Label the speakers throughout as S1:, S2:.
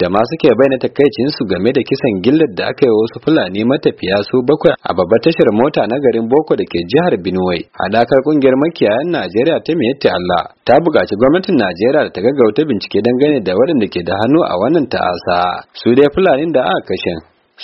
S1: da ma suke bayyana takaicinsu game da kisan gillar da aka yi wasu fulani matafiya su bakwai a babbar tashar mota na garin Boko da ke jihar Benue. Hadakar kungiyar makiyayan Najeriya ta miyatti Allah ta buƙaci gwamnatin Najeriya da ta gaggauta bincike dangane da waɗanda ke da hannu a wannan ta'asa. Su dai fulanin da aka kashe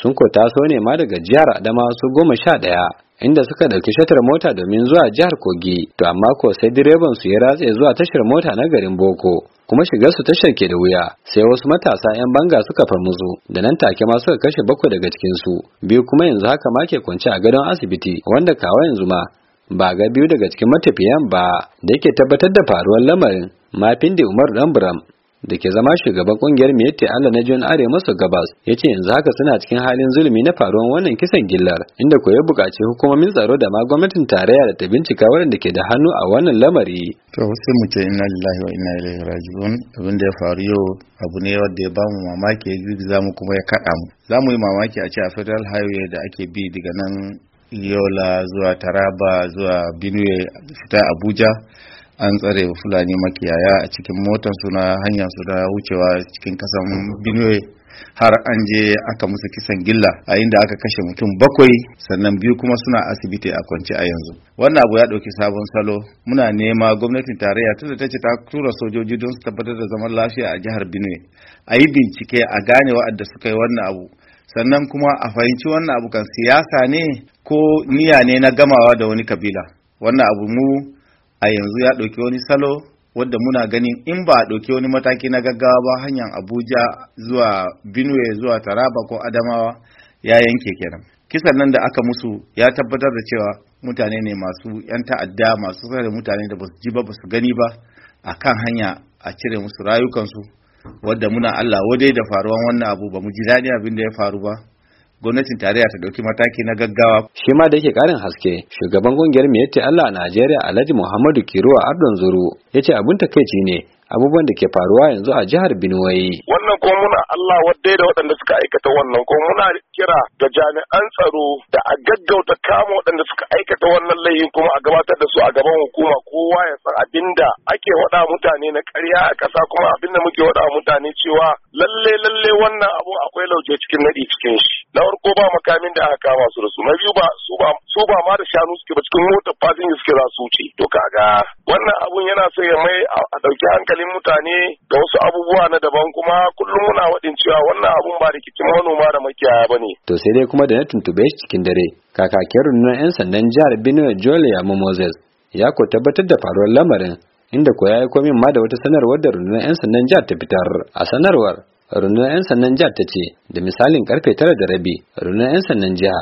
S1: sun ko taso ne ma daga jihar adama su goma sha ɗaya inda suka ɗauki shatar mota domin zuwa jihar kogi to amma ko sai direban su ya ratse zuwa tashar mota na garin boko kuma shigar su tashar ke da wuya sai wasu matasa 'yan banga suka farmuzu da nan take ma suka kashe bakwai daga cikin su biyu kuma yanzu haka ma ke kwance a gadon asibiti wanda kawo yanzu ma ba ga biyu daga cikin matafiyan ba da yake tabbatar da faruwar lamarin mafin da umar dan da ke zama shugaban kungiyar Mete Allah na John Are maso gabas ya ce yanzu haka suna cikin halin zulumi na faruwan wannan kisan gillar inda ko ya buƙaci hukumomin tsaro da ma gwamnatin tarayya da ta bincika waɗanda ke da hannu a wannan lamari.
S2: To sai mu ce inna lillahi wa inna ilaihi raji'un abin da ya faru yau abu ne wanda ya bamu mamaki ya girgiza mu kuma ya kaɗa mu. Za mu yi mamaki a ce a Federal Highway da ake bi daga nan Yola zuwa Taraba zuwa Benue fita Abuja an tsare fulani makiyaya a cikin motar suna hanyar su da wucewa cikin kasan benue har an je aka musu kisan gilla a inda aka kashe mutum bakwai sannan biyu kuma suna asibiti a kwance a yanzu wannan abu ya ɗauki sabon salo muna nema gwamnatin tarayya ta da ta ce ta tura sojoji don su tabbatar da zaman lafiya a jihar benue a yi bincike a gane wa'adda suka yi wannan abu sannan kuma a fahimci wannan abu kan siyasa ne ko niyya ne na gamawa da wani kabila wannan abu mu a yanzu ya ɗauki wani salo wadda muna ganin in ba a ɗauki wani mataki na gaggawa ba hanyar abuja zuwa benue zuwa taraba ko adamawa ya yanke kenan kisan nan da aka musu ya tabbatar da cewa mutane ne masu 'yan ta'adda masu da mutane da basu ji ba basu gani ba a kan hanya a cire musu rayukansu wadda muna allah wadai
S1: da faruwan wannan abu ba mu ji daɗin abin da ya faru ba gwamnatin tarayya ta dauki mataki na gaggawa shi ma da yake karin haske shugaban kungiyar miyatti Allah a Najeriya Alhaji Muhammadu Kiruwa Ardon Zuru yace abin takeici ne abubuwan da ke faruwa yanzu a jihar binuwai Wannan
S3: ko muna Allah wadda da waɗanda suka aikata wannan ko muna kira ga jami'an tsaro da a gaggauta kama waɗanda suka aikata wannan laifin kuma a gabatar da su a gaban hukuma kowa ya san abinda ake waɗa mutane na ƙarya a ƙasa kuma abinda muke waɗa mutane cewa lalle lalle wannan abu akwai lauje cikin naɗi cikin shi. na farko ba makamin da aka kama su da su na biyu ba su ba ma da shanu suke ba cikin motar da suke za su wuce to kaga wannan abun yana so ya mai a dauki hankalin mutane da wasu abubuwa na daban kuma kullum muna
S1: wadin cewa wannan abun ba rikicin manoma da makiyaya bane to sai dai kuma da na tuntube shi cikin dare kakakin rundunar yan sandan jihar Benue Jole Amu Moses ya ko tabbatar da faruwar lamarin inda ko ya yi komin ma da wata sanarwar da rundunar yan sandan jihar ta fitar a sanarwar rundunar 'yan sannan jihar ta ce da misalin karfe tara da rabi rundunar 'yan sannan jiha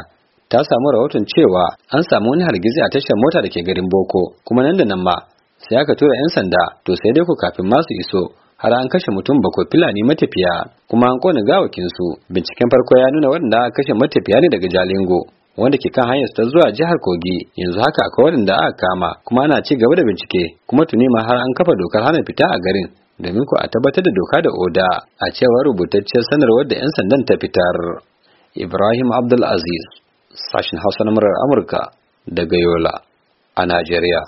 S1: ta samu rahoton cewa an samu wani hargitsi a tashar mota da ke garin boko kuma nan da nan ma sai aka tura 'yan sanda to sai dai ku kafin ma su iso har an kashe mutum bakwai fulani matafiya kuma an kona gawakinsu binciken farko ya nuna waɗanda aka kashe matafiya ne daga jalingo wanda ke kan hanyar ta zuwa jihar Kogi yanzu haka akwai waɗanda aka kama kuma ana ci gaba da bincike kuma tuni ma har an kafa dokar hana fita a garin domin ku a tabbatar da doka da oda a cewa rubutacciyar sanarwar da 'yan sandan ta fitar. Ibrahim Abdul Aziz, sashin Hausa na Amurka daga Yola a Najeriya.